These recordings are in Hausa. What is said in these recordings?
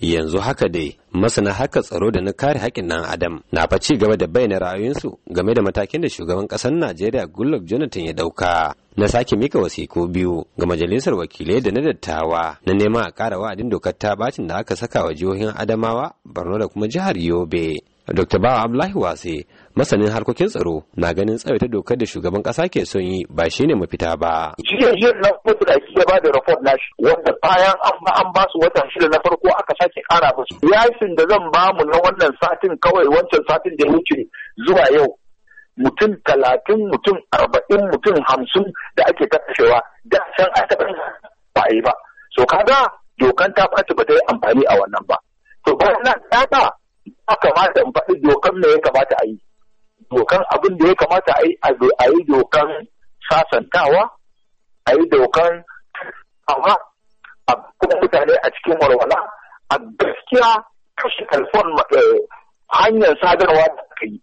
yanzu haka dai masana haka tsaro da na kare haƙƙin ɗan adam na fa ci gaba da bayyana ra'ayoyinsu game da matakin da shugaban ƙasar najeriya goodluck jonathan ya ɗauka na sake mika wasiku biyu ga majalisar wakilai da na dattawa na neman a ƙara wa'adin dokar ta bacin da aka saka wa jihohin adamawa barno da kuma jihar yobe Dr. Bawa Abdullahi Wase, masanin harkokin tsaro, na ganin tsawaita dokar da shugaban ƙasa ke son yi ba shi ne mafita ba. Jiya jiya na mutu da ya ba da report nashi, wanda bayan an ba su watan shida na farko kara musu yashin da zan bamu na wannan satin kawai wancan satin da ya wuce zuwa yau mutum talatin mutum arba'in mutum hamsin da ake kashewa da san a taɓa ba a yi ba so kaga dokan ta ɓaci ba ta yi amfani a wannan ba to bayan nan ta ya kamata in faɗi dokan me ya kamata a yi dokan abin da ya kamata a yi a yi dokan sasantawa a yi dokan amma a kuma mutane a cikin walwala a gaskiya kashe telefon eh, hanyar sadarwa da aka yi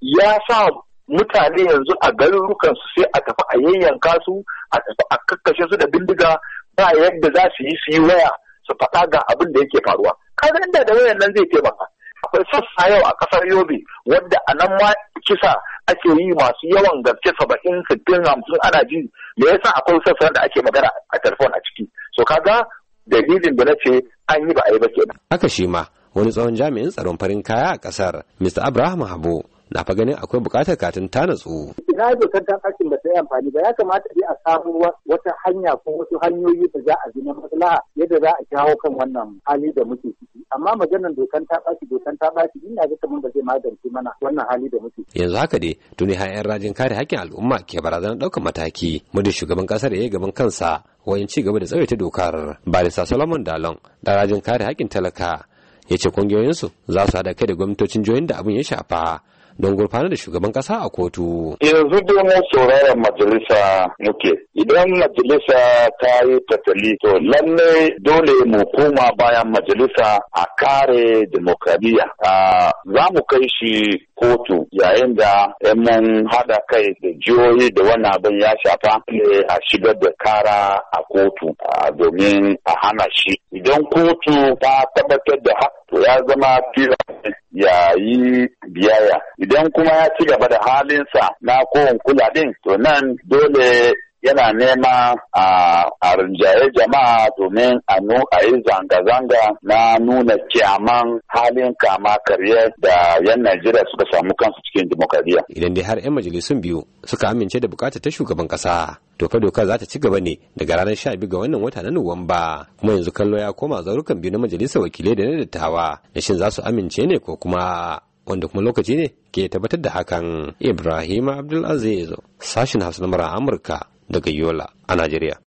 ya sa mutane yanzu a garurukan su sai a tafi a yayyanka su a tafi a kakkashe su da bindiga ba yadda za su yi su yi waya su faɗa ga abin da yake faruwa kaga inda da wayan nan zai taimaka akwai sassa yau a ƙasar yobe wadda a nan ma kisa ake yi masu yawan gaske saba'in sittin hamsin ana ji me yasa akwai sassa da ake magana a telefon a ciki so kaga dalilin da na ce an yi ba a yi ba kenan haka shi ma wani tsohon jami'in tsaron farin kaya a kasar mr abraham Habu. na fa ganin akwai bukatar katin ta natsu. Ina dokar ta ɗakin ba ta yi amfani ba ya kamata dai a samu wata hanya ko wasu hanyoyi da za a bi na maslaha yadda za a jawo kan wannan hali da muke ciki amma maganar dokan ta ɓaci dokan ta ɓaci ina ga kamar ba zai magance mana wannan hali da muke. Yanzu haka dai tuni ha 'yan rajin kare hakkin al'umma ke barazanar ɗaukar mataki muddin shugaban ƙasar ya yi gaban kansa wayan ci gaba da tsawaita dokar. Barista Solomon Dalon da rajin kare hakkin talaka ya ce kungiyoyinsu za su haɗa kai da gwamnatocin jihohin da abin ya shafa don gurfanar da shugaban kasa a kotu. Yanzu domin sauraron majalisa muke. Idan majalisa ta yi tattali to lalle dole mu koma bayan majalisa a kare demokradiyya. Za mu kai shi kotu yayin da mun hada kai da jihohi da wani abin ya shafa ne a shigar da kara a kotu domin a hana shi. Idan kotu ta tabbatar da haka ya zama filan ya yi biyayya idan kuma ya ci gaba da halinsa na kowane kula din to nan dole yana nema a rinjaye jama'a domin a yi zanga-zanga na nuna kyaman halin kama karye da yan Najeriya suka samu kansu cikin demokradiyya. Idan dai har 'yan majalisun biyu suka amince da bukata ta shugaban kasa, to fa doka za ta ci gaba ne daga ranar 12 ga wannan wata na Nuwamba. Kuma yanzu kallo ya koma zaurukan biyu na majalisar wakilai da na dattawa, da shin za su amince ne ko kuma wanda kuma lokaci ne ke tabbatar da hakan ibrahim abdulaziz sashin hausa na amurka daga yola a najeriya